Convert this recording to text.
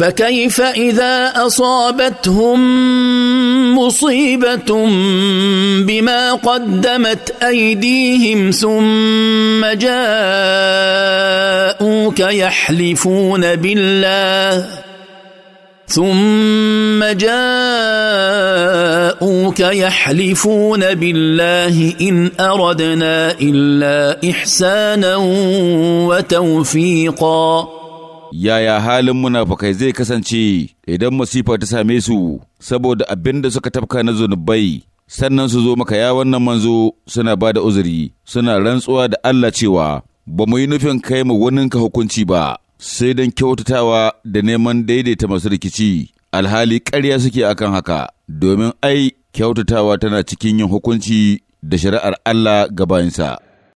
فكيف اذا اصابتهم مصيبه بما قدمت ايديهم ثم جاءوك يحلفون بالله ثم جاءوك يحلفون بالله ان اردنا الا احسانا وتوفيقا yaya halin munafukai zai kasance idan masifa ta same su saboda abin da suka tafka na zunubai sannan su zo maka ya wannan manzo suna ba da uzuri suna rantsuwa da Allah cewa ba mu yi nufin kai mu ka hukunci ba sai don kyautatawa da neman daidaita masu rikici alhali ƙarya suke akan haka domin ai kyautatawa tana cikin yin hukunci da shari'ar Allah ga bayinsa.